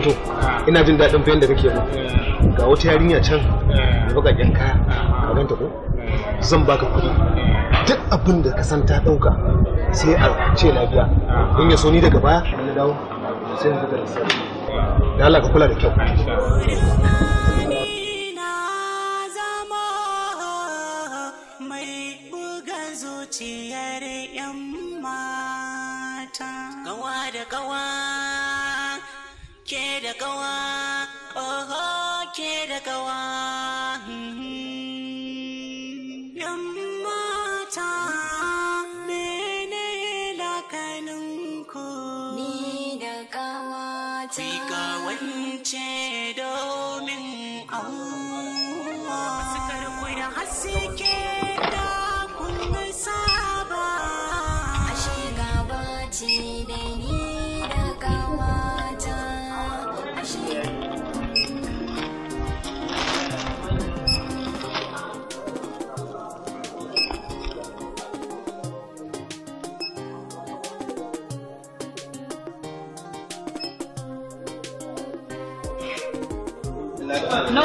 toronto ina jin daɗin fayan da kake ga wata yarinya can da bakaƙen kaya ka ganta ko zan baka kuɗi duk abin da ka san ta ɗauka sai a ce lafiya in ya so ni daga baya na dawo sai da Allah ka kula da kyau Ku kawance domin Allah. Masu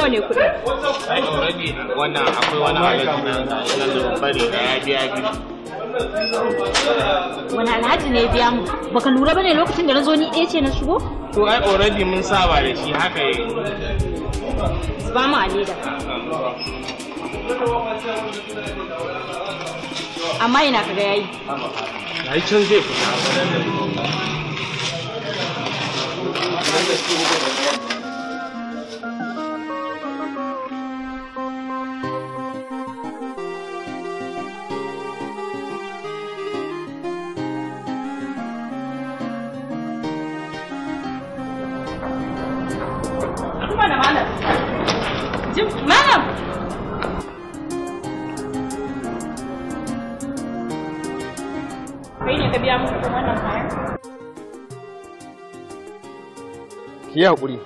nawa ne kuɗi rabi wannan akwai wani alaji na nan bari da ya biya biyu wani alhaji ne biya mu baka lura bane lokacin da na zo ni ɗaya ce na shigo to ai already mun saba da shi haka yi ba mu a leda amma yana kaga yayi yayi can zai fita ya haƙuri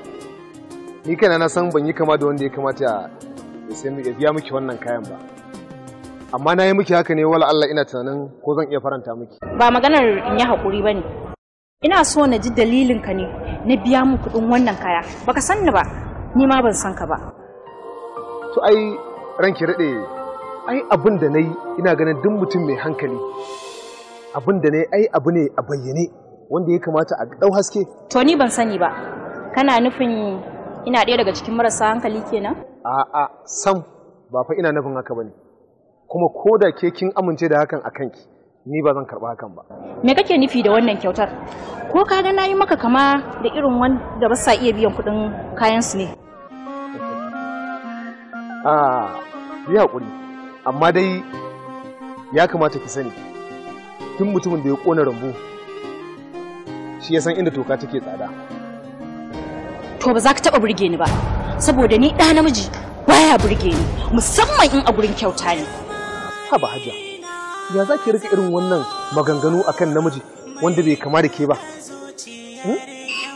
ni kai na san ban yi kama da wanda ya kamata ya biya miki wannan kayan ba amma na yi miki haka ne wala Allah ina tunanin ko zan iya faranta miki ba maganar in yi haƙuri ba ne ina so na ji dalilin ka ne na biya mu kuɗin wannan kaya baka san ni ba ni ma ban san ka ba to ai ranki raɗe ai abin da na ina ganin duk mutum mai hankali abin da na ai abu ne a bayyane wanda ya kamata a ɗau haske to ni ban sani ba kana nufin ina ɗaya daga cikin marasa hankali kenan a'a sam ba fa ina nufin haka bane kuma ko da ke kin amince da hakan a kanki ni ba zan karɓa hakan ba me kake nufi da wannan kyautar ko ka ga yi maka kama da irin wanda ba sa iya biyan kuɗin kayan su ne a yi haƙuri. amma dai ya kamata ki sani tun mutumin da ya ƙona rambu shi ya san inda toka take tsada to ba za ka taɓa burge ni ba saboda ni ɗa namiji baya burge ni musamman in a gurin kyauta ne haba hajiya ya za ki rika irin wannan maganganu akan namiji wanda bai kama da ke ba hmm?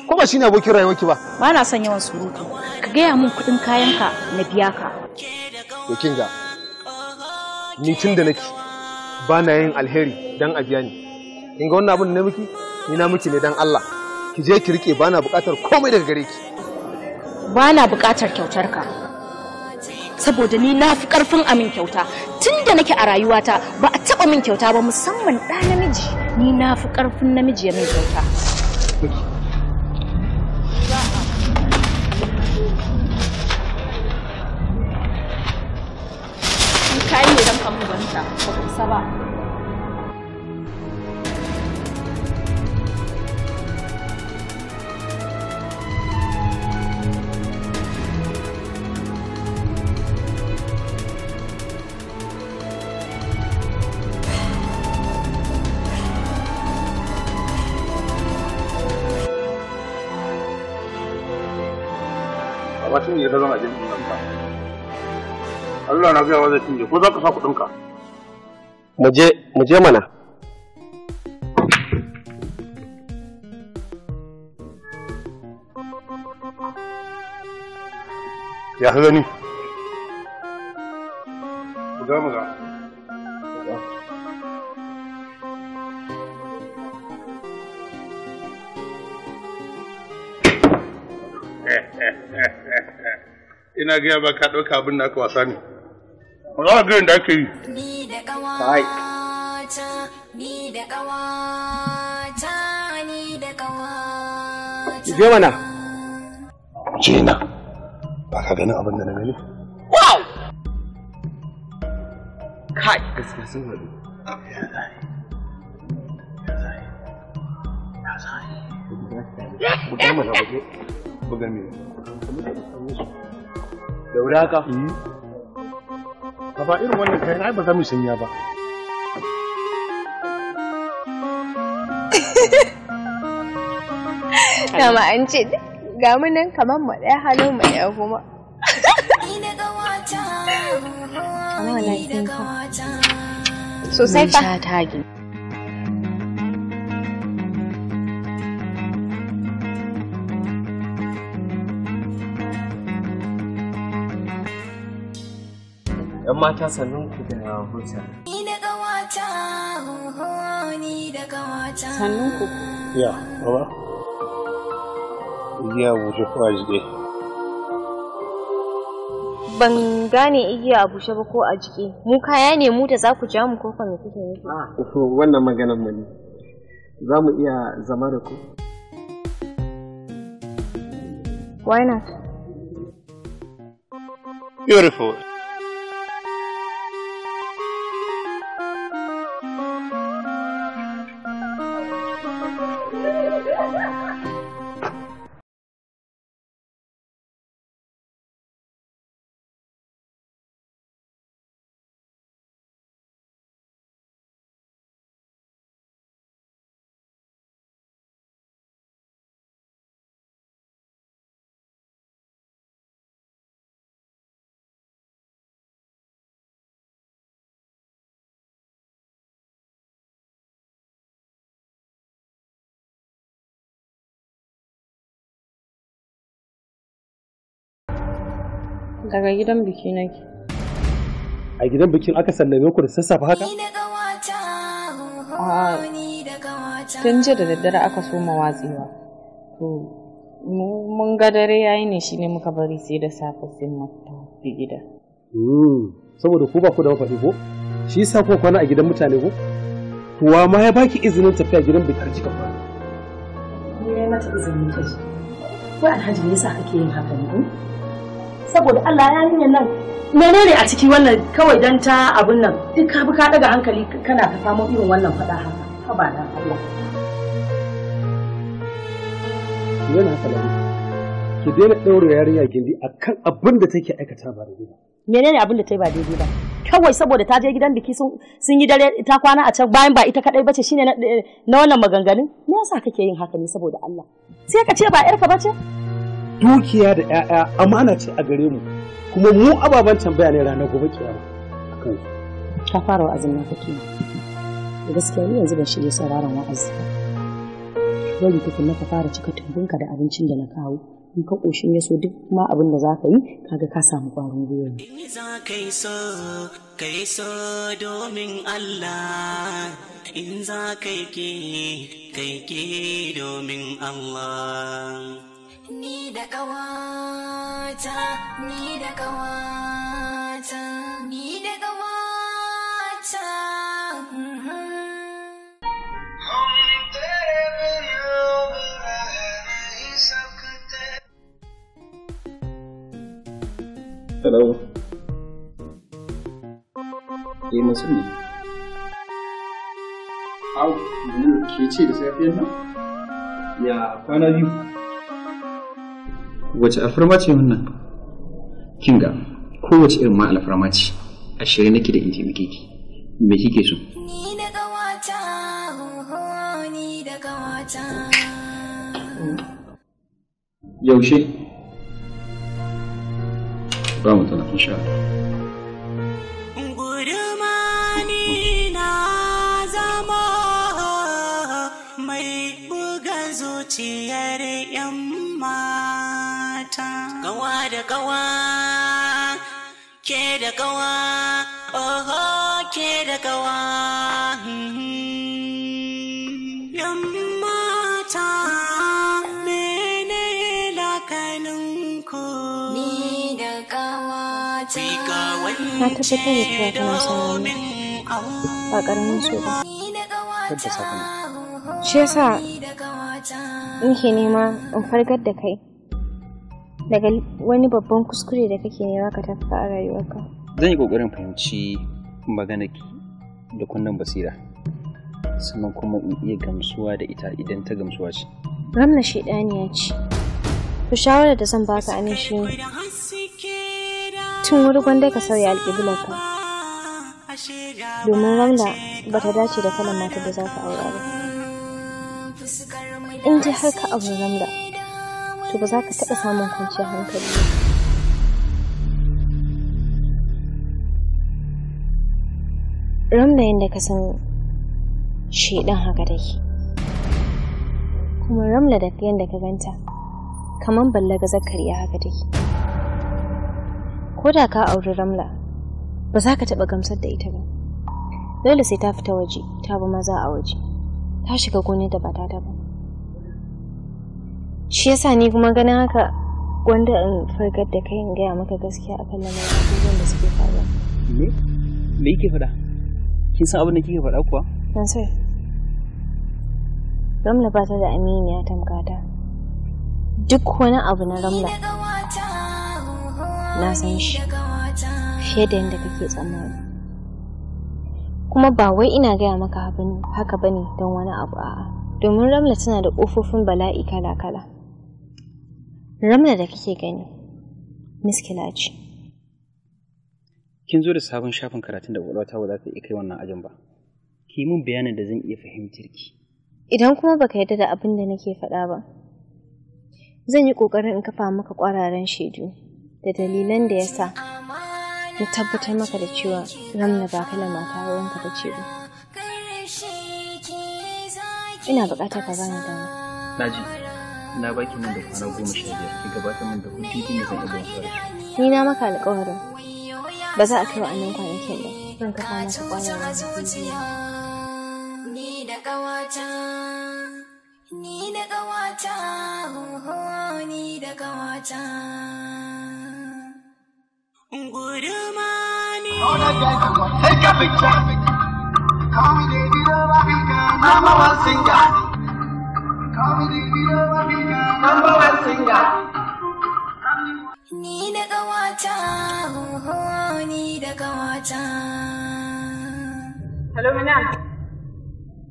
ko ba shi ne abokin ki ba ba na son yawan surutu ka gaya min kuɗin kayanka na biya ka to kin ga ni tun da nake ba na yin alheri dan a biya ni kin ga wannan abin da miki ni na miki ne dan Allah ki je ki rike ba na buƙatar komai daga gare ki Bana na buƙatar kyautar ka saboda ni na fi ƙarfin amin kyauta tun da nake a rayuwata ba a taɓa min kyauta ba musamman ɗa namiji ni na fi ƙarfin namiji ya min kyauta yi ne don ba ba da zama ajin jami'in nan Allah na gaya wa zai cinye ko za ka sa kuɗinka mu muje mu mana ya gani na gaya ba ka ɗauka abin da aka wasa ne za a da ake yi mana je na ba ka ganin abin da na gani wow kai gaskiya sun haɗu ya zai ya zai ya zai guda ba irin wannan kayan ai ba za mu sanya ba dama an ce ga mu nan kamar mu ɗaya halin mu ɗaya kuma sosai fa 'yan mata sannan ku da huta. Ni da gawata, ni da wata. Sannan ku. Ya, baba. Igiya bushe ko a jike. Ban gane igiya a bushe ba ko a jike. Mu kaya ne mu da za ku ja mu ko me kuke yi. Ah, wannan maganar mu ne. Za mu iya zama da ku. Why not? Beautiful. 快，快，快。Daga gidan biki nake. A gidan bikin aka sallame ku da sassafe haka? Ah, tun jiya da daddare aka soma watsewa. To, mun ga dare ya yi ne shi ne muka bari sai da safe sun mu tafi gida. Hmm, saboda ku ba ku da mafaɗi ko? Shi yasa ku kwana a gidan mutane ko? Kuwa ma ya baki izinin tafiya gidan bikar cikin kwana. Ni yi mata izinin ta ji. Ko Alhaji ne sa kake yin haka ne? Hmm? saboda Allah ya yi nan ne a ciki wannan kawai dan ta abun nan duk ka bi ka daga hankali kana ka samu irin wannan faɗa haka ba dan Allah yana ne ki daina ɗaure yarinya gindi akan abin da take aikata ba daidai ba menene abin da ta yi ba daidai ba kawai saboda ta je gidan biki sun yi dare ta kwana a can bayan ba ita kadai bace shine na wannan maganganun me yasa kake yin haka ne saboda Allah sai ka ce ba yarka bace dukiya da 'ya'ya amana ce a gare mu kuma mu ababen tambaya ne ranar gobe kiyama a kansu ka fara wa'azin na kake da gaskiya ni yanzu ban shirya sauraron wa'azi bari tukun ka fara cika tumbinka da abincin da na kawo in ka ƙoshin ya so duk ma abin da za ka yi kaga ka samu ƙwarin gwiwa Allah. Ni da ƙawata, ni da ƙawata, ni da ƙawata. Hello. Eh, masu ne. Au, ke ce da safiyar nan? Ya kwana biyu. wace alfarma ce wannan kinga kowace irin ma alfarma ce a shirye nake da inji taimake me kike so ni da ni da yaushe ba mu tana insha Allah mai buga zuciyar Gawa da gawa, ke da gawa, oho ke da gawa. Yan mata mene lakaninku? Ni da gawa ta kawance domin ba ƙaramin so ba. Tabbata Shi yasa ke nema in fargar da kai. daga wani babban kuskure da kake nema ka tafka a rayuwarka zan yi kokarin fahimci magana da kunnen basira Sama kuma in iya gamsuwa da ita idan ta gamsuwa ce ramna shaidaniya ce Ku shawarar da zan baka a shi ne tun wuri gwanda ka sauya alƙiblarka domin ramna ba ta dace da kalan mata da za ka aura ba in ji har ka abu ramna to ba za ka taɓa samun kwanciyar hankali ba. da yadda ka san shaidan haka ke. kuma ramla da yadda ka ganta kamar Zakar zakariya haka ke. ko da ka auri ramla ba za ka taɓa gamsar da ita ba dole sai ta fita waje ta bi maza a waje ta shiga gonin da ba ta ba shi yasa ni kuma ganin haka wanda in farkar da kai in gaya maka gaskiya a kan lamarin abubuwan da suke faruwa me me yake faɗa kin san abin da kike faɗa kuwa ban sai ramla ba ta da aminiya tamkata duk wani abu na ramla na san shi fiye da yadda kake tsammani kuma ba wai ina gaya maka haka bane don wani abu a'a domin ramla tana da ƙofofin bala'i kala-kala ramla da kake gani miskila kin zo da sabon shafin karatun da kwakwalwata ba za ta iya kai wannan ajin ba ki mun bayanin da zan iya fahimtar ki idan kuma baka yarda da abin da nake faɗa ba zan yi ƙoƙarin in kafa maka ƙwararen shaidu da dalilan da ya sa na tabbatar maka da cewa ramna ba kala mata ruwan ka bace ba ina buƙatar ka bani dama. Naji. na baki nan da kwana goma sha biyar ki gabatar min da hujjoji ne zan iya ni na maka alƙawarin ba za a kai wa'annan kwanakin ba zan kafa maka kwanan ni da ƙawata ni da ƙawata ni da ƙawata guduma ni Take a picture, I'm a singer. Number one singer. Ni da gawata, ni da gawata. Hello, Mina.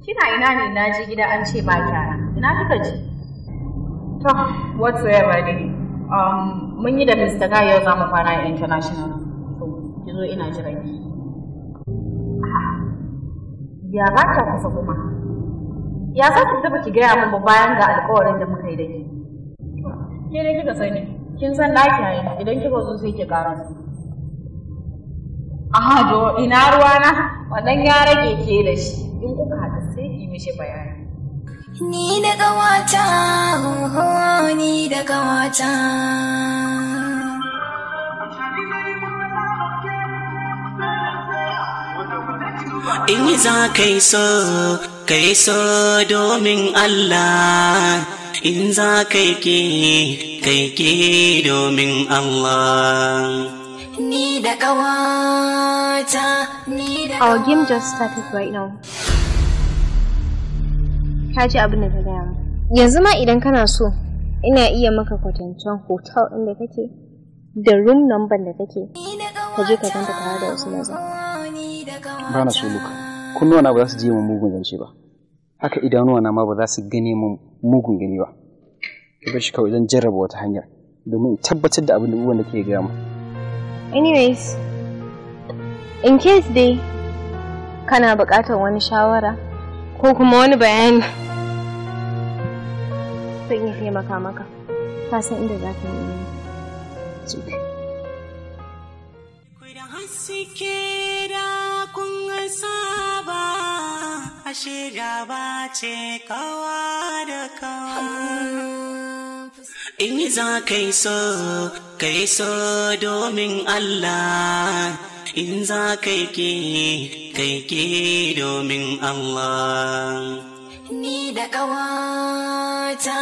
Kina ina ne na ji gida an ce ba kyara. Ina kika ji? To, whatsoever dai. Um, mun yi da Mr. Guy yau za mu fara international. To, ki zo ina jiran ki. Ya ba ta kusa kuma. ya sa ki da ki gaya min ba bayan ga alƙawarin da muka yi da ke ke ne kika sani kin san na kiyaye idan kika zo sai ki ƙara su aha do ina ruwana wannan ya rage ke da shi in kuka haɗu sai ki mishi bayani ni da gawata ni da kawata. in yi za ka yi so kai so domin Allah in za kai ke kai ke domin Allah ni da kawata ni da Our game just started right now ka ji abin da ta gaya mu yanzu ma idan kana so ina iya maka kwatancen hotel inda kake da room number da kake ka je ka ganta tare da wasu maza ba na so luka kunnuwa na ba za su ji mun mugun zance ba haka idanuwa na ma ba za su gane mun mugun gani ba ka bar shi kawai zan jarraba wata hanya domin tabbatar da abin da uwan da ke gaya mu anyways in case dai kana buƙatar wani shawara ko kuma wani bayani zan iya taimaka maka ka san inda za ka yi haske kera kun sa ashe gaba ce kawa da kawa in za ka so ka domin Allah in za ka ke ka ke domin Allah ni da kawata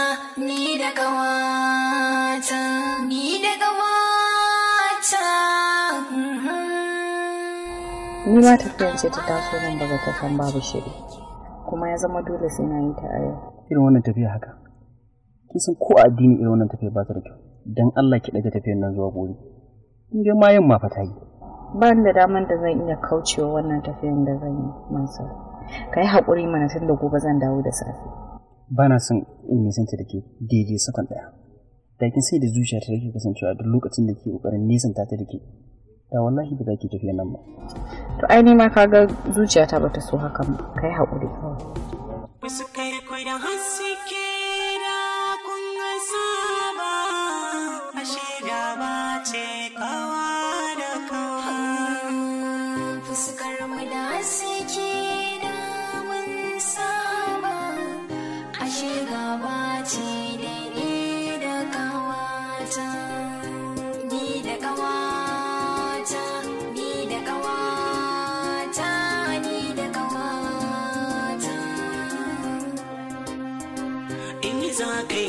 ni da kawata ni ma tafiyar ce ta taso nan daga san babu shiri kuma ya zama dole sai na yi ta a yau irin wannan tafiya haka kin san ko addini irin wannan tafiya ba ta da kyau dan Allah ki daga tafiyar nan zuwa gobe in dai ma yamma fa ta yi ba da daman da zan iya kaucewa wannan tafiyar da zan yi mansa ka yi haƙuri mana tun da gobe zan dawo da safe ba na son in ta da ke daidai sakan ɗaya da kin sai da zuciya ta rage kasancewa duk lokacin da ke ƙoƙarin ta ta da ke da wannan ba za tafiya nan ba to ai ne ma kaga zuciyata bata so hakan ba kai haƙuri kawai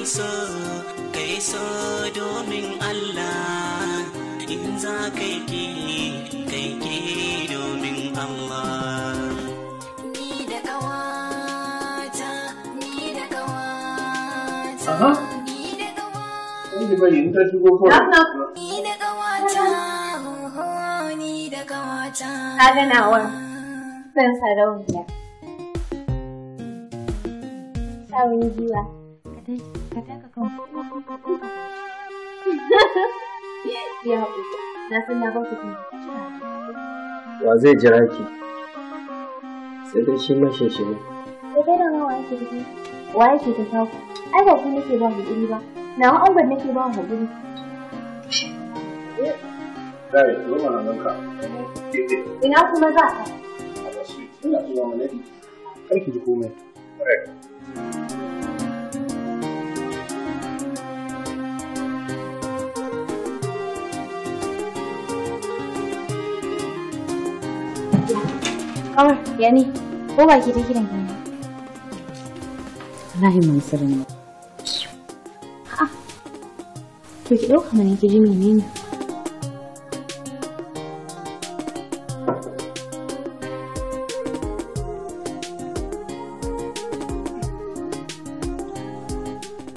so kai so domin Allah in za kai ke kai ke domin Allah Aha. Ni da in ta shigo ko. Ni da gawata. Ni da gawata. Ka ga nawa. San sarauniya. Sawun jiwa. wa zai jira ki sai dai shi dai ma wa yake da wa yake ta taku ai ba ku nake ba hakuri ba na ma nake ba hakuri Dai, zo mana nan ka. Ina kuma za ka? Ina Kamar, yani ne? Ko ba ki ta kiran ki ne? Wallahi ne. A'a. To ki ɗauka mana ki ji menene?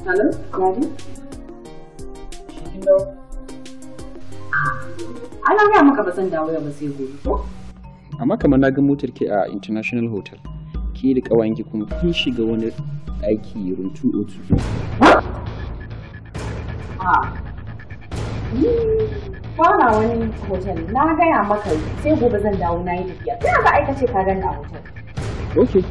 Hello, Daddy? Ah, ana gaya maka bazan dawo ya ba sai gobe amma kamar na ga motar ke a international hotel ke da ƙawayenki kuma kun shiga wani aiki runtu otu kwana wani hotel na gaya maka sai gobe zan dawo na yi tafiya tana ka aikace ka ganda a hotel ok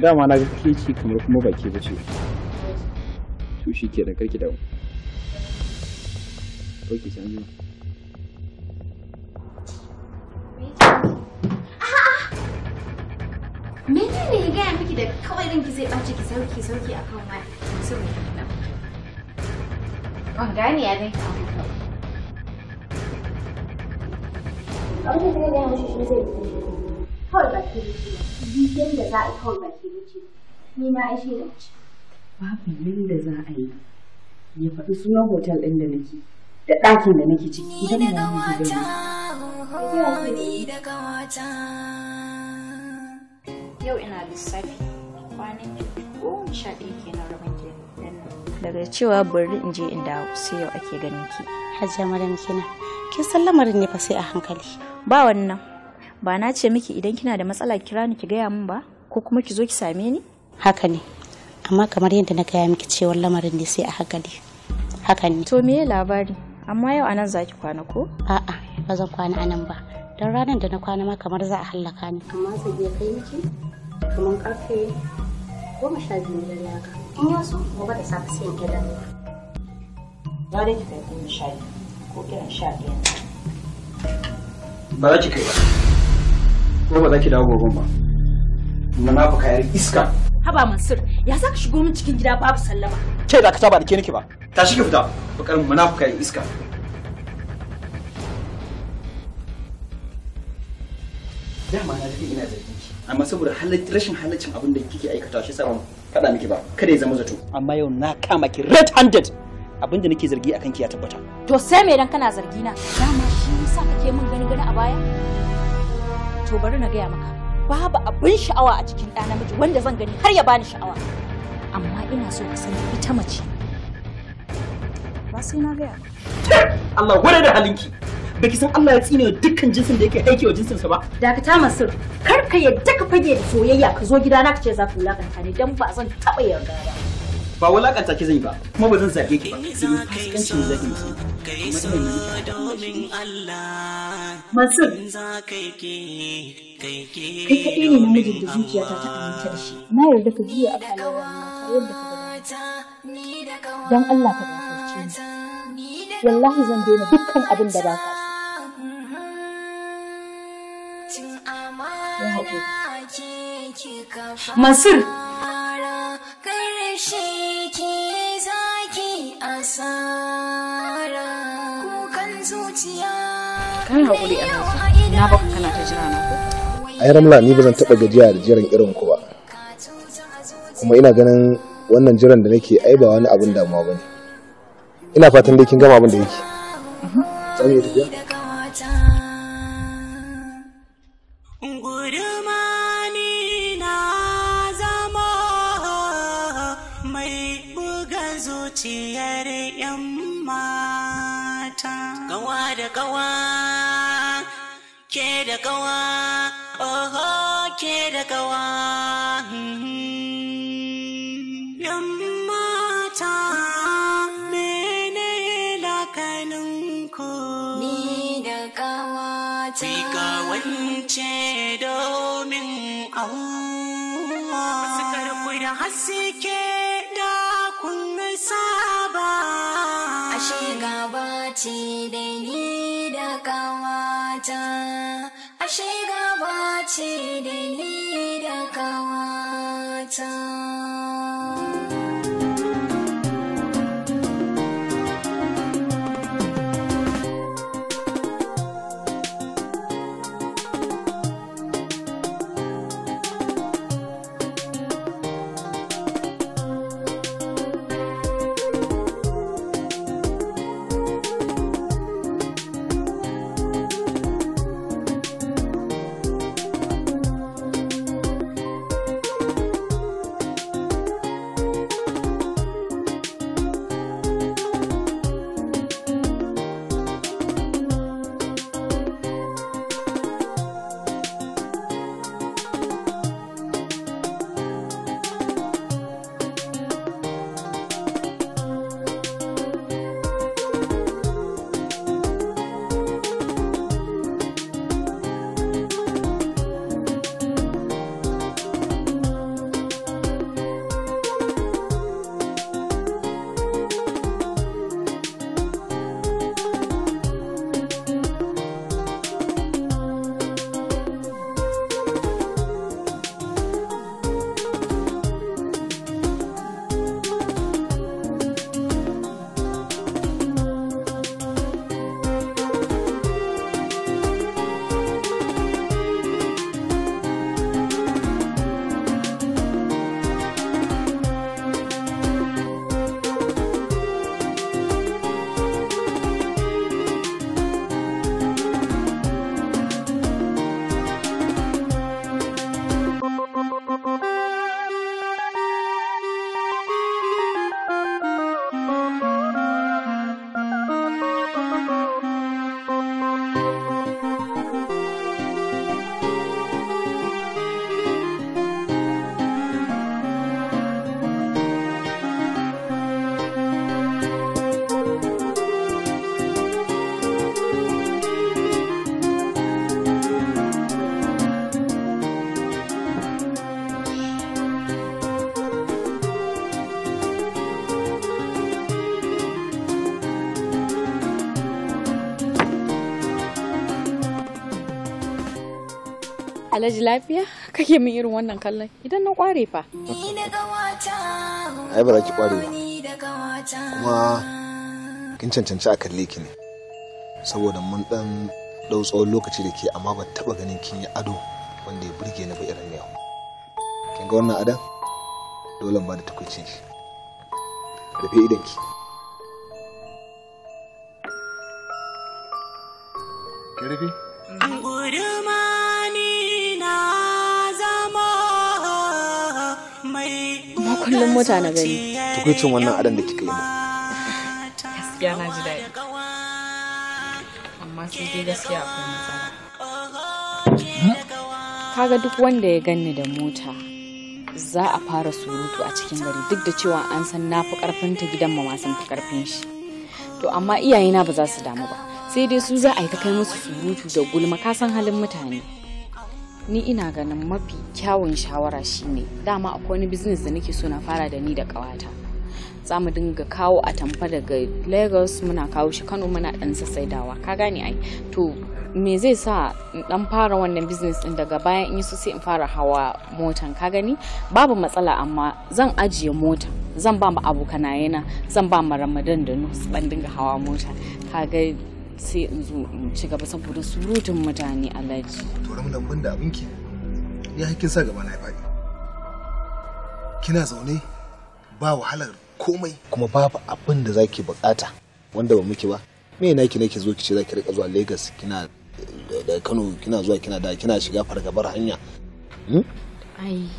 dama na ga ke kamar kuma baki ba ce. bace to shi ke da karki dawo ok sanjiwa da kawai ranki zai ɓace ki sauki sauki a kan waya saboda kaɗan. Ban gane ya dai kawo kawai. Abin da zai gaya mashi shi zai fi kawai ba ke wuce. Bikin da za a yi kawai ba ke wuce. Ni ma ai shi da ci. Babu yadda za a yi. Ya faɗi sunan hotel ɗin da nake. Da ɗakin da nake ciki. Idan ba ni da gani. Ni da gawata. Yau ina lissafi. daga cewa bari in je in dawo sai yau ake ganin ki hajiya madam kina kin san lamarin ne fa sai a hankali ba wannan ba na ce miki idan kina da matsala kira ni ki gaya min ba ko kuma ki zo ki same ni haka ne amma kamar yadda na gaya miki cewa lamarin ne sai a hankali haka ne to me labari amma yau anan zaki kwana ko a'a ba zan kwana anan ba dan ranar da na kwana ma kamar za a hallaka ni amma zai iya kai miki kamar karfe goma sha biyu na naka in ya so gobe da safe sai in kira ni da ki kai goma sha biyu ko irin sha ɗaya ba za ki kai ba ko ba za ki dawo gobe ba munafuka yar iska haba mansur ya za ka shigo min cikin gida babu sallama ce da ka taba da ke nake ba tashi ki fita bakar munafuka yar iska dama na tafi ina zai amma saboda rashin halaccin abin da kike aikata shi saban faɗa miki ba kada ya zama zato amma yau na kama ki red handed abin da nake zargi akan ki ya tabbata to sai me dan kana zargi na dama shi yasa kake min gani gani a baya to bari na gaya maka babu abin sha'awa a cikin ɗa namiji wanda zan gani har ya bani sha'awa amma ina so ka san ita mace ba sai na gaya. Allah wadai da halinki. Baki san Allah ya tsine dukkan jinsin da yake aikewa jinsinsa ba. Dakata Masir, kar ka yadda ka fage da soyayya ka zo gidana ka ce za ka wulakanta ne dan ba zan taɓa yarda ba. Ba wulakanta ki zai ba, kuma ba zan zage ki ba. Sai fuskancin zaki musu. Masir, kai kaɗai ne namijin da zuciyata ta aminta da shi. Na yarda ka juya akalawa mata yadda ka gada. Don Allah ka gafarce ni. wallahi zan daina dukkan abin da ba ka Mansur ya haƙuri a na baka kana ta jira na ko? Ai Ramla ni ba zan taɓa gajiya da jiran irin ku ba. Kuma ina ganin wannan jiran da nake ai ba wani abin damuwa ba ne. ina fatan dai kin gama abin da yake zuciyar yan mata da ke da oho ke da ce domin Allah. Masu karku da haske da kun saba. Ashe gaba ce da ni da kawata. Ashe gaba ce da ni da kawata. alhaji lafiya kake min irin wannan kallon idan na kware fa ai ba za ki kware kuma kin cancanci a kalle ki ne saboda mun dan dau tsawon lokaci da ke amma ba taba ganin kin yi ado wanda ya burge ni ba irin yau kin ga wannan adan dole ba da tukucin shi rufe idan ki ki rufe kullum mota na gani cin wannan adan da kika yi ba. gaskiya na ji daɗi amma sai dai gaskiya akwai matsala kaga duk wanda ya ganni da mota za a fara surutu a cikin gari duk da cewa an san na fi karfin ta gidan ma sun fi karfin shi to amma iyayena ba za su damu ba sai dai su za a yi ta kai musu surutu da gulma ka san halin mutane ni ina ganin mafi kyawun shawara shine dama akwai wani business da nake so na fara da ni da kawata za mu dinga kawo a tamfa daga lagos muna kawo shi kano muna dan sassaidawa ka gane ai to me zai sa in dan fara wannan business din daga bayan in su sai in fara hawa motan ka gani babu matsala amma zan ajiye mota zan ba mu yana zan ba mu ramadan da nus ban dinga hawa mota ka ga sai in zo in ci gaba saboda surutun mutane alaji. to ran nan abin abinki ya hakkin sa gaba na ya faɗi kina zaune ba wahalar komai kuma babu abin da zaki bukata wanda ba muke ba me na ki nake zo ki ce zaki rika zuwa Lagos kina eh, da Kano kina zuwa kina da kina shiga fargabar hanya hmm? ai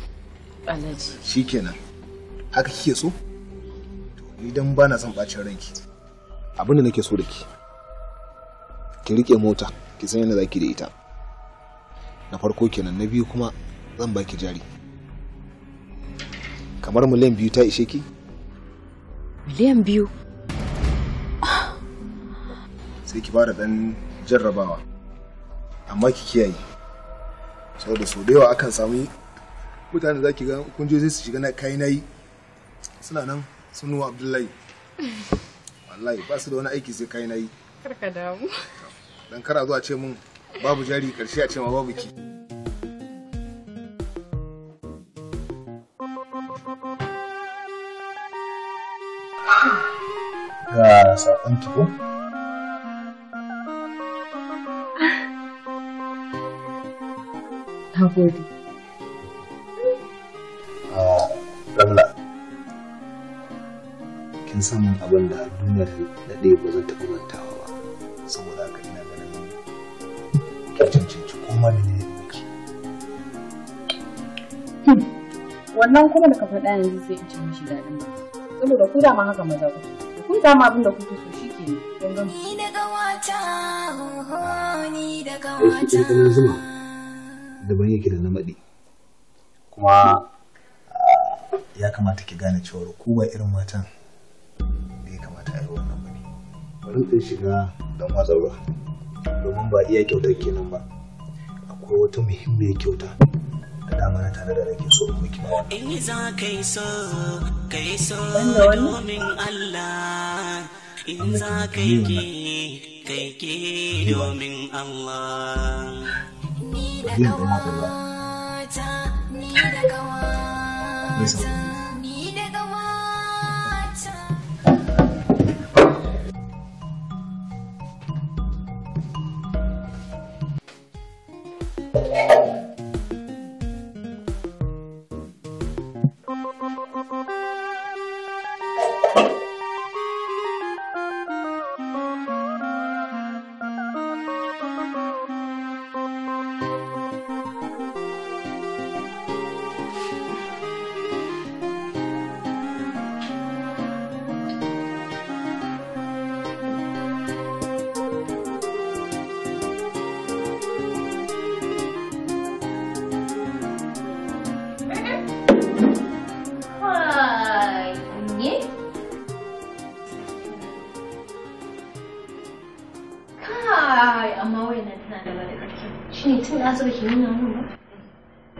alaji shikenan haka kike so idan ba na son bacin ranki abin da nake so da ke ki rike mota ki san yadda zaki da ita na farko kenan na biyu kuma zan baki jari kamar miliyan biyu ta ishe ki miliyan biyu sai ki fara dan jarrabawa amma ki kiyaye saboda sau da yawa akan samu mutane za ki ga kunjoji su shiga na kai nayi suna nan sunuwa abdullahi wallahi ba su da wani aiki sai kai nayi karka damu dan kara zuwa ce mun babu jari karshe a ce ma babu ki ga saƙon tuko na gode Ramla, ah, kin san abin da duniyar ɗaya ba zan taɓa mantawa ba saboda wannan kuma da ka faɗa yanzu sai in ci mishi daɗin ba saboda ku dama haka maza ku kun dama abin da kuke so shi ke don gama. Ni da gawata, ni da shi ke da zuma daban yake da namadi. Kuma ya kamata ki gane cewa ku ba irin matan da ya kamata a yi wannan ba ne. Bari in shiga don mazarwa domin ba iya kyautar kenan ba. Akwai wata muhimmiyar kyauta da mana tare da nake so kuma ki wannan. In za ka yi so, ka yi so domin Allah. In za ka yi ki, ka yi ki domin Allah. Ni da kawata, ni da kawata. Yeah.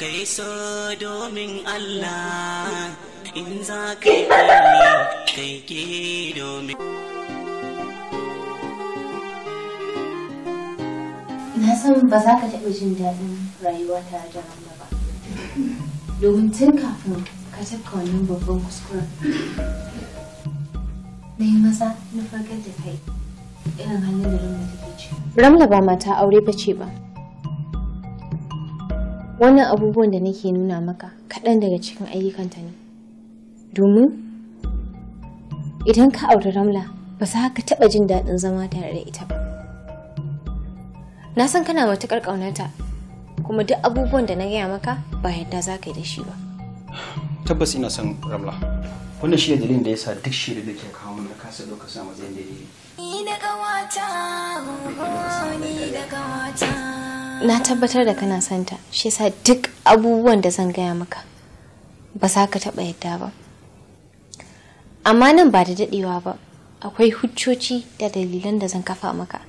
kai so domin Allah in za ka yi kai ke domin na san ba za ka taɓa jin daɗin rayuwa ta da ba domin tun kafin ka tafka wannan babban kuskuren na yi maza na farkar da kai irin hanyar da Ramla take ci. Ramla ba mata aure ba ce ba. wannan abubuwan da nake nuna maka kaɗan daga cikin ayyukanta ne domin idan ka auri ramla ba za ka taɓa jin daɗin zama tare da ita ba na san kana matuƙar ƙaunata kuma duk abubuwan da na gaya maka ba yadda za ka yi da shi ba tabbas ina son ramla wannan shi ne dalilin da ya sa duk shirin da ke kawo mana kasa doka sa matsayin ni da ya ni na tabbatar da kana santa shi yasa duk abubuwan da zan gaya maka ba za ka taɓa yadda ba amma nan ba da daɗewa ba akwai hujjoci da dalilan da zan kafa maka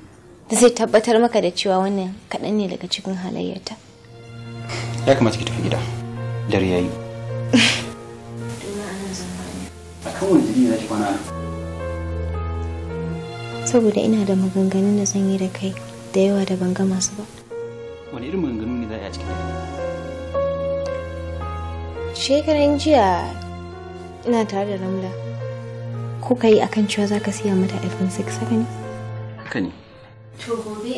da zai tabbatar maka da cewa wannan kaɗan ne daga cikin halayyarta ya kamata ki tafi gida dare yayi saboda ina da maganganun da zan yi da kai da yawa da ban gama su ba wani irin maganganu ne za a yi a cikin shekaran jiya ina tare da ramla ko ka yi akan cewa za ka siya mata iphone 6 haka ne haka ne to gobe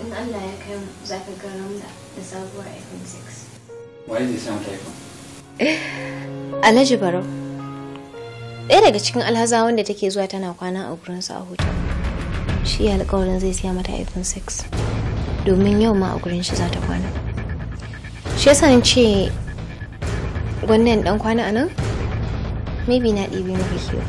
in allah ya kai za ka ga ramla da sabuwar iphone 6 waye zai siya mata iphone eh, alhaji barau ɗaya daga cikin alhaza wanda take zuwa tana kwana a gurinsa a hotel shi alƙawarin zai siya mata iphone 6 domin yau ma a gurin shi za ta kwana shi yasa ni ce wannan dan kwana a nan maybe na ɗibi maka kiwo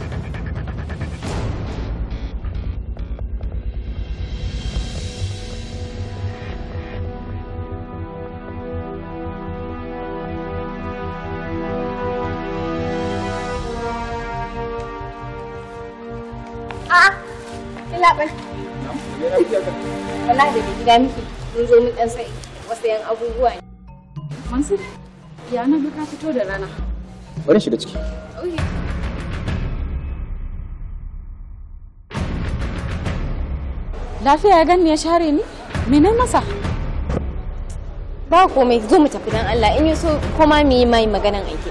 Thank you. da gida zo mun dan sai wasu yan abubuwa ne. Mansur, ya na ka fito da rana. Bari shiga ciki. Lafiya ya ganni ya share ni? Menene masa? Ba komai zo mu tafi dan Allah in yaso kuma koma mu yi mai maganan aiki.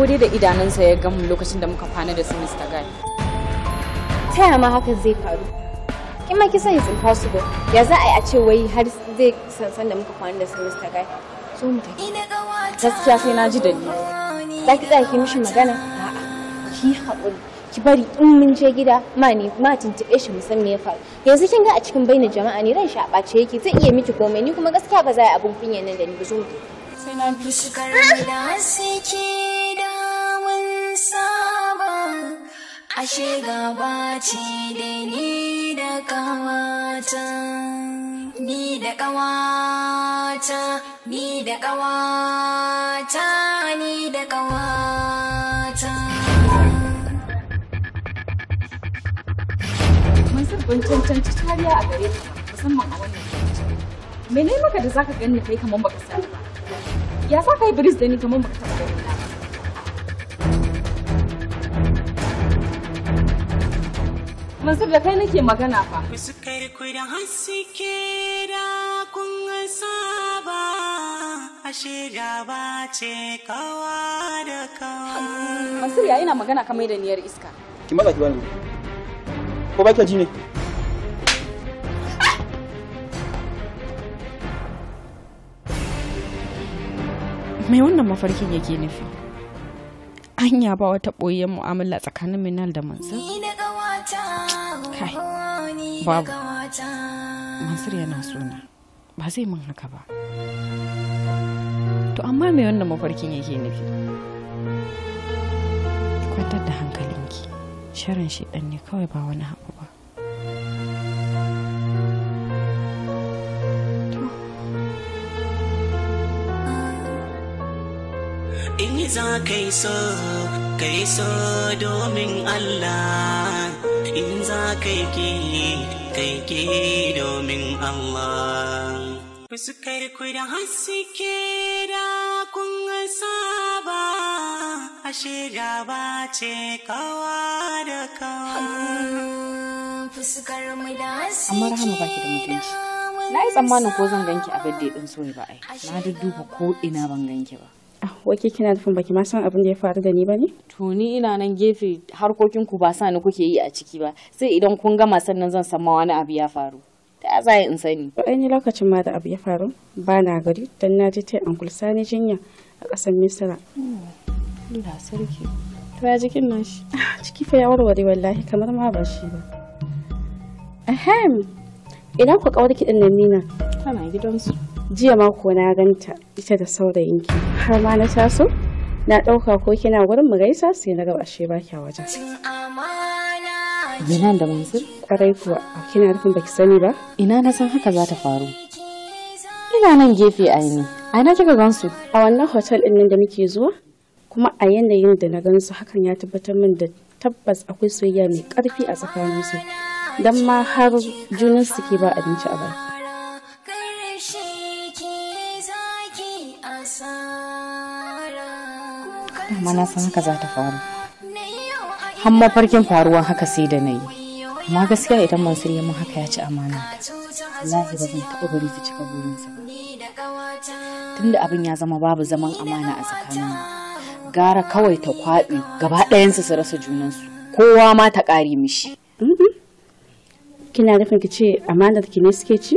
Ko dai da idanunsa ya gamu lokacin da muka kwana da su Mr. Guy. Ta ma hakan zai faru? in ma kisan is impossible ya za a yi a ce wai har zai sansan da muka kwana da semester guy so mu tafi gaskiya sai na ji da ni. za ki tsaya ki mishi magana a'a ki haƙuri ki bari in mun je gida ma ne ma tuntuɓe shi mu san me ya faru yanzu kin ga a cikin baina jama'a ne ran shi a ɓace yake zai iya miki komai ni kuma gaskiya ba za a yi abin kunya nan da ni ba zo mu sai na bi shi da ashe gaba ce da ni da kawata ni da kawata ni da kawata ni da kawata mun sabbin cancanci tariya a gare ka musamman a wannan cancanci mene maka da zaka gani kai kamar baka sani ba ya sa kai biris da ni kamar baka taba gani Mansur da kai nake magana fa. Fuskar ku da haske da kun saba ashe da ba ce kawa da kawa. Mansur ya ina magana kamar da niyar iska. Ki maza ki bani. Ko ba ki ji ne? mai wannan mafarkin yake nufi? Anya ba wata ɓoyayyen mu'amala tsakanin Minal da Mansur? kai babu mansur yana suna ba zai mun haka ba to amma mai wanda mafarkin yake nufi kwantar da hankalinki sharan shi ne kawai ba wani haku ba in za ka yi so ka yi so domin Allah in za kai ki kai ki domin Allah fuskar ku da haske da kun saba ashe ba ce kawa da kawa fuskar mu da haske amma rahama baki da mutunci na yi tsammanin ko zan ganki a birthday din soyi ba ai na duba ko ina ban ganki ba Ah, wake kina nufin baki ma san abin da ya faru da ni ba ne? To ni ina nan gefe harkokin ku ba sa ni kuke yi a ciki ba sai idan kun gama sannan zan san ma wani abu ya faru. Ta za in sani. Ba ni lokacin ma da abu ya faru ba na gari dan na je an kulsa sani jinya a ƙasar Misira. Hmm. Allah sarki. To ya jikin nan shi? Ah, ciki fa ya warware wallahi kamar ma ba shi ba. Ahem. Ina ku kawar kiɗin nan Nina. Tana gidansu. jiya mako na ganta ita da saurayin ki har ma na taso na ɗauka ko kina gurin mu gaisa sai na gaba ashe baki a wajen ina da Mansur? Kwarai kuwa, kina rufin baki sani ba? Ina na san haka za ta faru. Ina nan gefe a yi a ina kika gansu? A wannan hotel din nan da muke zuwa, kuma a yanayin da na gansu hakan ya tabbatar min da tabbas akwai soyayya mai karfi a tsakaninsu. Don ma har junan suke ba abinci a baki. amma na san haka za ta faru har mafarkin faruwan haka sai da na yi amma gaskiya idan mansur ya mun haka ya ci amana wallahi ba zan taɓa bari cika burinsa tunda abin ya zama babu zaman amana a tsakanin gara kawai ta kwaɓe gaba ɗayansu su rasa junansu kowa ma ta ƙare mishi kina nufin ki ce amanar ki ne suke ci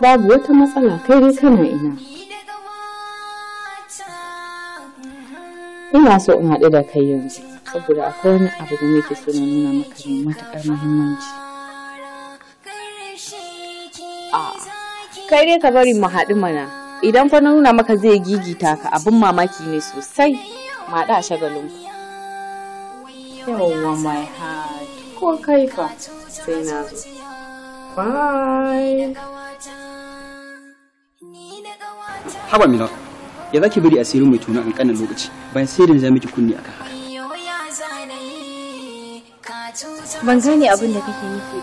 babu wata matsala kai dai kana ina ina so in haɗu da kai yanzu saboda akwai wani abu da nake so na nuna maka mai matuƙar muhimmanci ah, kai dai ka bari mu haɗu mana idan fa na nuna maka zai gigita ka abin mamaki ne sosai maɗa a shagalin ku yawwa my heart ko kai fa sai na zo bye haba mina ya zaki bari asirin mai tuna an kanan lokaci bayan sai da za miki kunni akan haka ban gane abin da kake nufi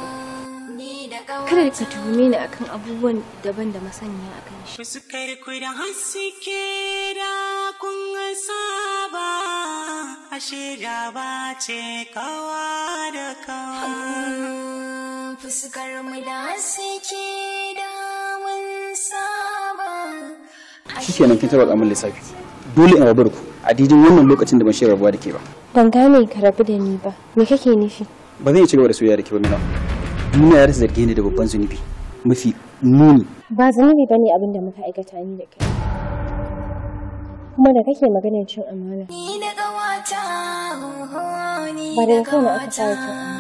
ba kada ka tuhume ni akan abubuwan daban da masaniya akan shi fuskar ku da haske da kun saba ashe gaba ce kawa da kawa hmm, fuskar mu da haske da mun saba shikenan kin tarwatsa min lissafi dole in rabu da ku a didin wannan lokacin da ban shirya rabuwa da ke ba ban gane ka rabu da ni ba me kake nufi ba zan iya cigaba da soyayya da ke ba mina duniya ya rasa zarge ni da babban zunubi mafi muni ba zunubi ba ne abin da muka aikata ni da kai kuma da kake maganar cin amana ba da kai na aka fara cin amana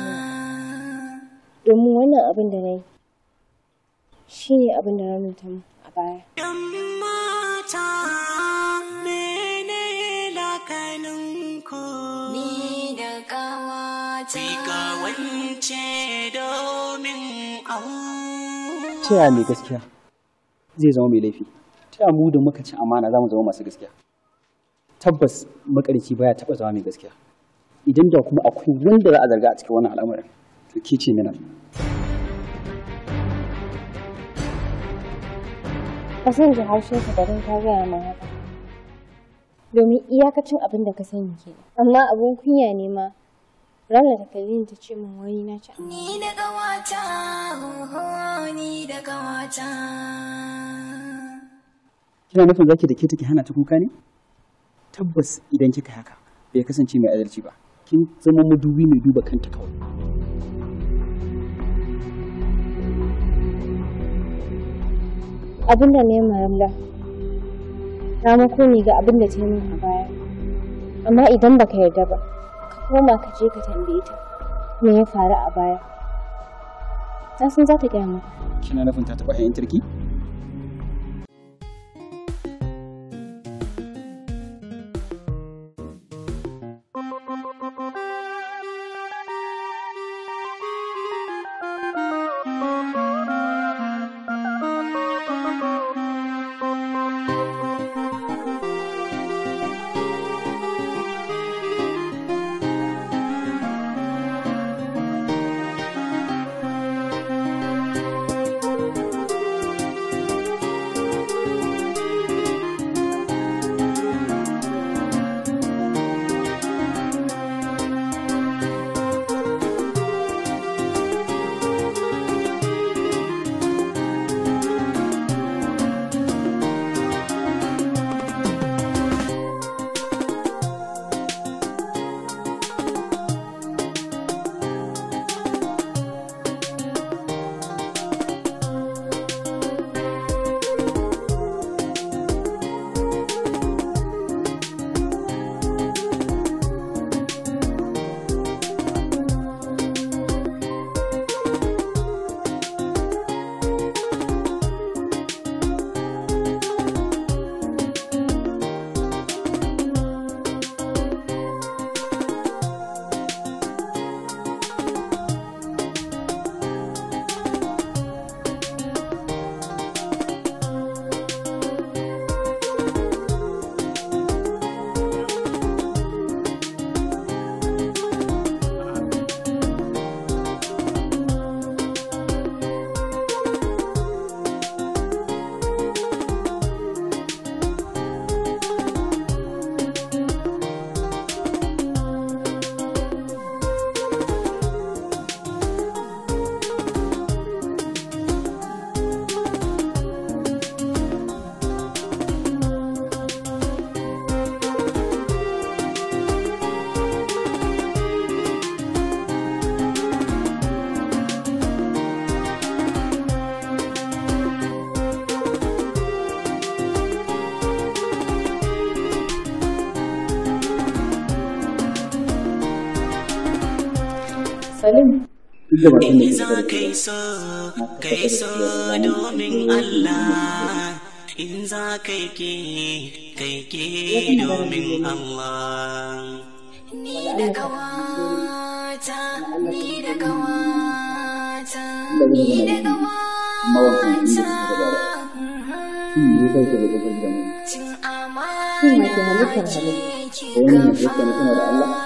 domin wannan abin da na yi shine abin da na mu a baya mata mene lakanin ni da kawata ka wance domin aure ta yaya mai gaskiya zai zama mai laifi ta yaya mu da muka ci amana za mu zama masu gaskiya tabbas makarici baya taba zama mai gaskiya idan da kuma akwai wanda za a zarga a cikin wannan al'amarin to ke ce mina kasan san ji haushin ka garin ka gaya min haka. Domin iyakacin abin da ka sani ke. Amma abun kunya ne ma. Ranar da Kalin ta ce min wani na ci Ni da gawata, ni da gawata. Kina nufin zaki da ke take hana ta kuka ne? Tabbas idan kika haka bai kasance mai adalci ba. Kin zama madubi mai duba kanta kawai. Abinda ne marilla na mako ne ga abinda da ta yi a baya amma idan baka yarda ba ka koma ka je ka tambaye ta me ya faru a baya na san za ta gaya maka kina nufin ta taɓa 'yan Salim. Allah. In za ka yi ke, ke domin Allah. Ni da kawata, ni da kawata, ni da kawata. amana ce ka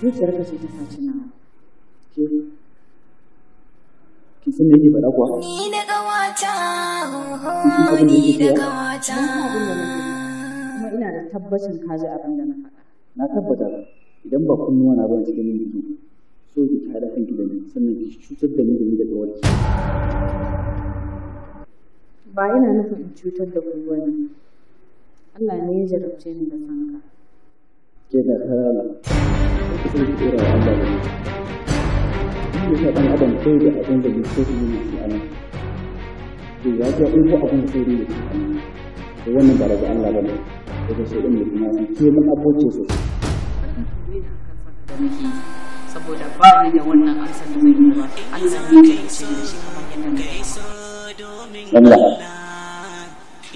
zuciyar ka ce ta saci nawa ke ki san me yake faɗa kuwa ni na gawata ni na gawata kuma ina da tabbacin ka ji abin da na faɗa na tabbata idan ba kun nuna ban cikin rubutu so ki tada ki da ni sannan ki cutar da ni da ni da gawarki ba ina nufin in cutar da kowa ne Allah ne ya jarabce ni da sanka yana ta kuɗin tsira wa Allah da ne. ɗan adam sai da abin da ne ko ne ke ana. To ya ga ko abin sai ne ke ana. wannan ba daga Allah ba ne. Daga shi ɗin mutum ya san ke mun aboce su. Saboda ba ni da wannan amsar da zan yi ba, Allah ne ka yi da shi kamar yadda na yi. Allah.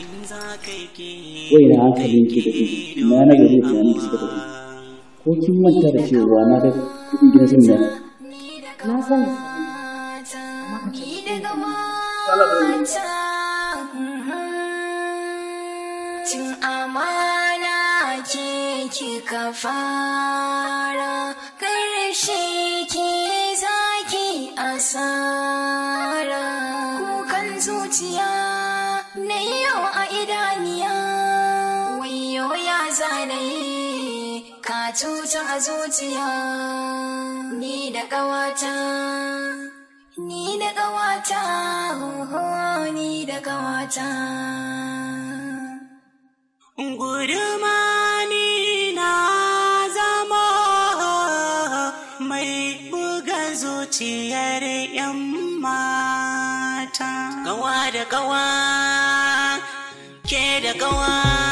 In za ka yi wai na hankalin ki da shi na na gari tunanin da suka tafi ko kin manta da cewa na ga kuɗin gidan sun da na sani Tin amana ke kika fara cuta a zuciya ni da ƙawata ni da ƙawata ni da ƙawata guduma ni na zama mai buga zuciyar yan mata Kawa da kawa ke da kawa.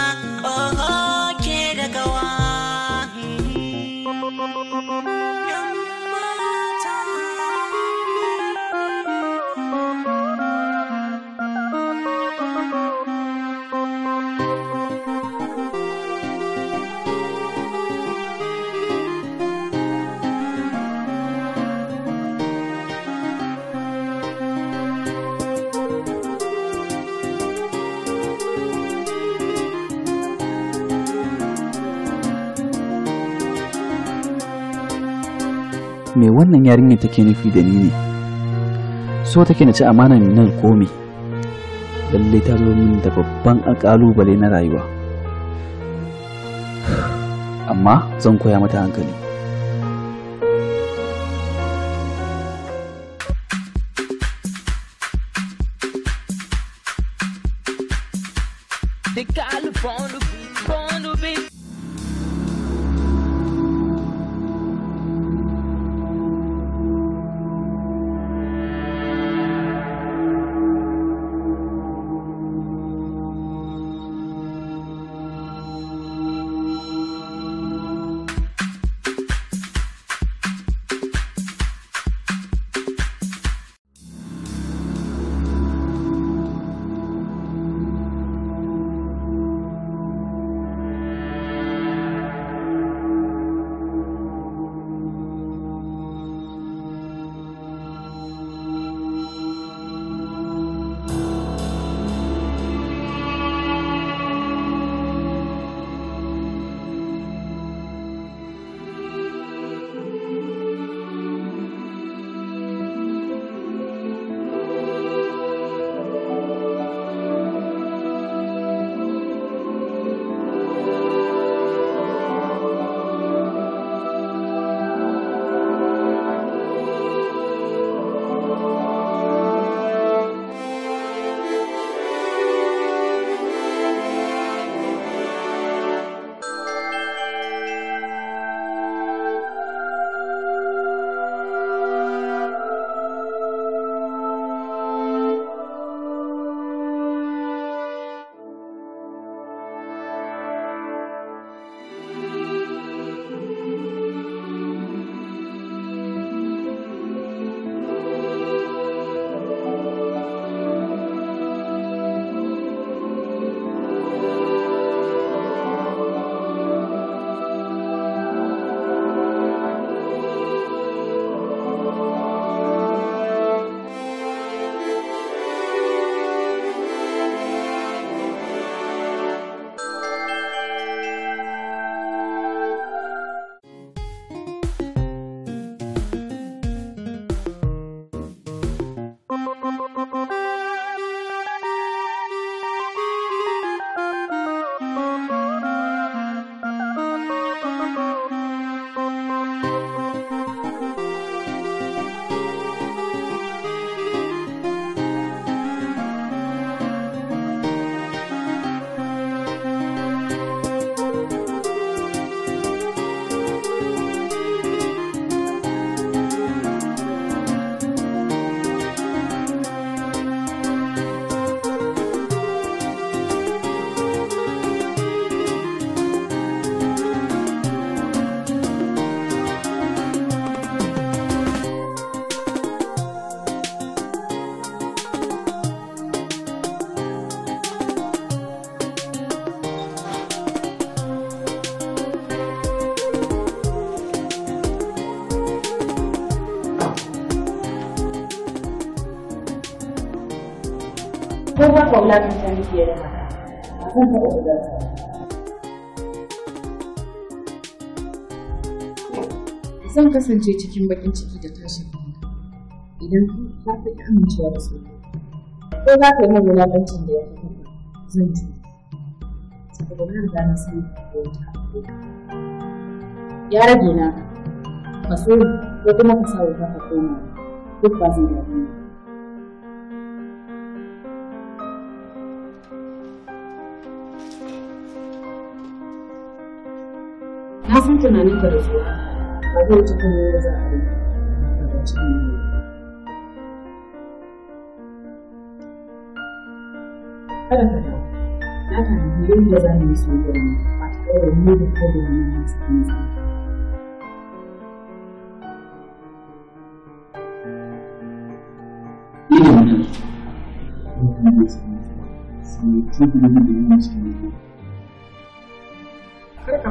me wannan yarinyar take nufi da ni ne so take na ci amana nan ko me lalle ta zo min da babban kalubale na rayuwa amma zan koya mata hankali wulakanta ni fiye da haka ba zan taɓa wulakanta zan kasance cikin bakin ciki da tashin idan har ta ki amincewa da su ko za ka yi min wulaƙancin da ya fi haka zan ci saboda na da na sani ko wata ya rage na ka so ko kuma ka sa wuta ka koma duk ba zan yi tunaninka da tsoro ba zai za a yi daga cikin yi ka dawo na za mu yi ba ta da mu da kai da wani masu kinsa Kar ka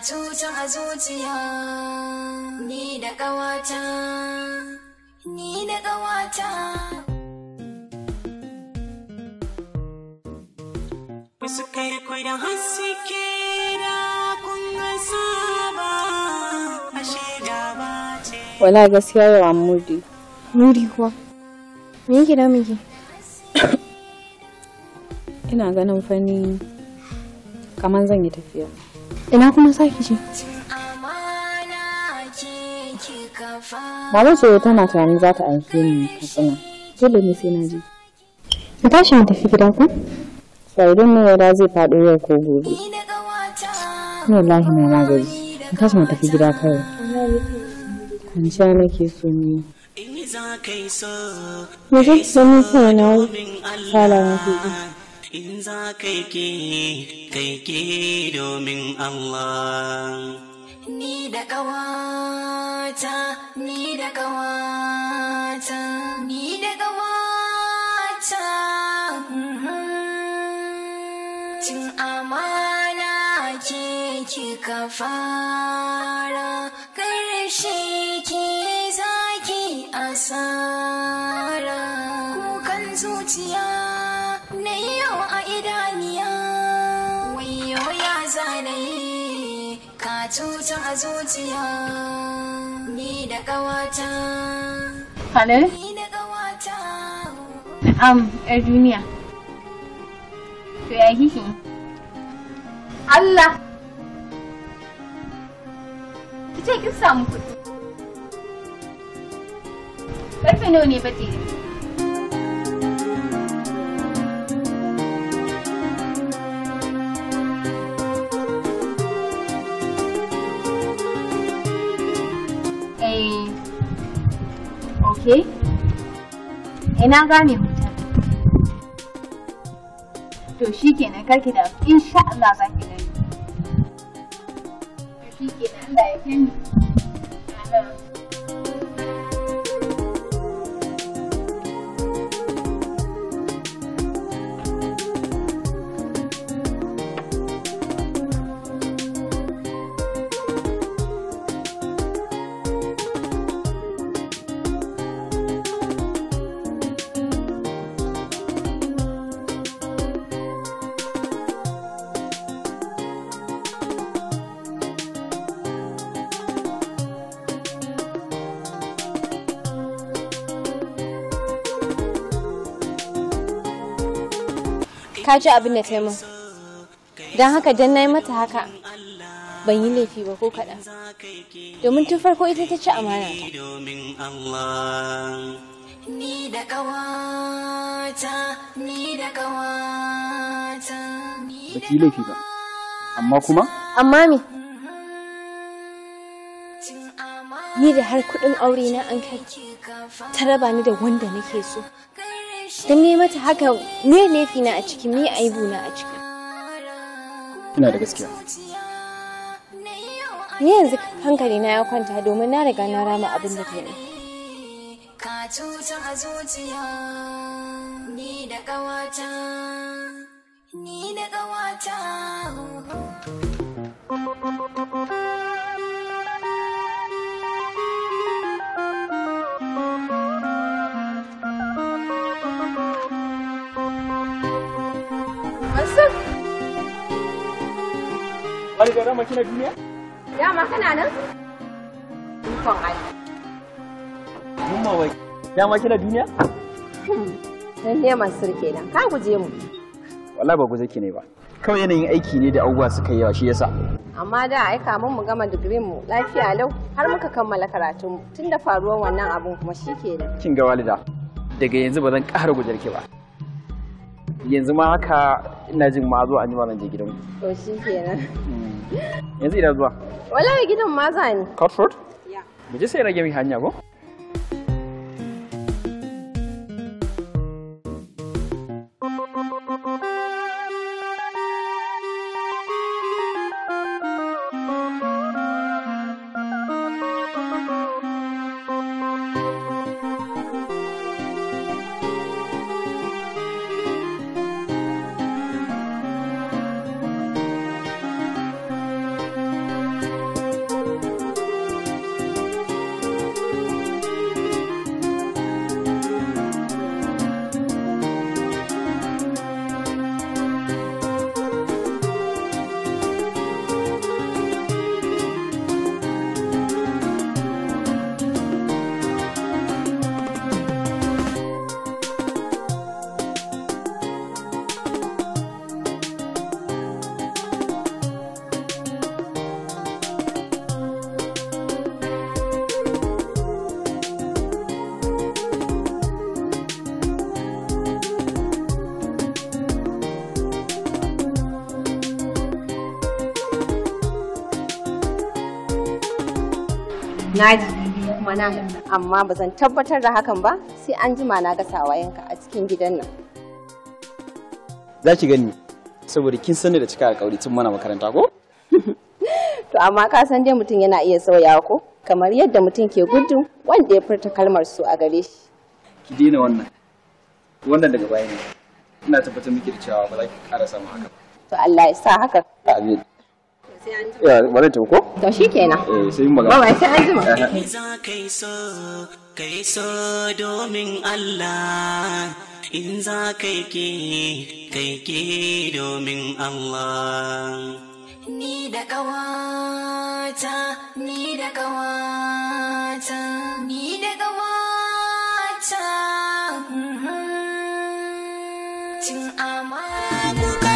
a a zuciya ni da ƙawata ni da ƙawata wasu kai kwai da haske da kun saba a shida ba ce wala gaskiya yawa mudi mudi kuwa me yake da miki ina ganin fani kamar zan yi tafiya ina kuma sake je Mama ce tana tunanin za ta aike ni Katsina. Dole ne sai na je. Mu tashi mu tafi gida ku? Saidin ne yara zai faɗo yau ko gobe. Wallahi mai magani. Mu tashi mu tafi gida kawai. Kwanciya nake so ne. Me zai yi kawai na wani sala mafi in za kai ke kai ke domin Allah ni da kawata ni da kawata ni da kawata mm-hmm. cin amana ke ka fara karshe ke zaki asara kukan zuciya cuta a zuciya ni da ƙawata halal ni da am yar duniya to ya kike Allah ki ce kin samu kuɗi karfe nawa ne ba Ke? Ina gane mutum. To shi kenan karki da insha Allah za ki gani. To shi kenan Allah ya kai ka ji abin da ta yi don haka dan na yi mata haka ban yi laifi ba ko kaɗan domin tun farko ita ta ci amana ta ni da kawata ni da kawata ba ki laifi ba amma kuma amma mi. ni da har kudin aure na an kai ta raba ni da wanda nake so don ne mata haka ne laifi na a ciki me aibu na a ciki ina da gaskiya ni yanzu hankali na ya kwanta domin na riga na rama abin da ta yi. ni da kawata ni da kawata Har ga dama kina duniya? Dama kana nan? Ikon Allah. Mun ma wai. Dama kina duniya? Hmm. Nan ne Mansur kenan. Ka guje mu. Wallahi ba guje ki ne ba. Kawai yanayin aiki ne da abubuwa suka yi yawa shi yasa. Amma da aika mun mu gama digirin mu lafiya lau har muka kammala karatun mu tun da faruwar wannan abun kuma shi kenan. Kin ga walida. Daga yanzu ba zan ƙara gujar ba. yanzu ma haka ina jin ma zuwa anjima zan je gidan to shi kenan yanzu ina zuwa wallahi gidan ma za ni Cotford? ya mu je sai rage mi hanya ko naji kuma na amma ba zan tabbatar da hakan ba sai an jima na ga sawayenka a cikin gidan nan za ki gani saboda kin sani da cika alƙawari tun mana makaranta ko to amma ka san dai mutum yana iya sauyawa ko kamar yadda mutum ke gudu wanda ya furta kalmar su a gare shi ki daina wannan wannan daga baya ne ina tabbatar miki da cewa ba za ki ƙara samun haka to Allah ya sa haka amin sai an Ya bari ta ko? To Eh sai mun magana. Ba sai an ji ma. Eh, eh. Za kai so kai so domin Allah in za kai ke kai ke domin Allah. Ni da ƙawata, ni da kawata ni da mhm. Cin amana.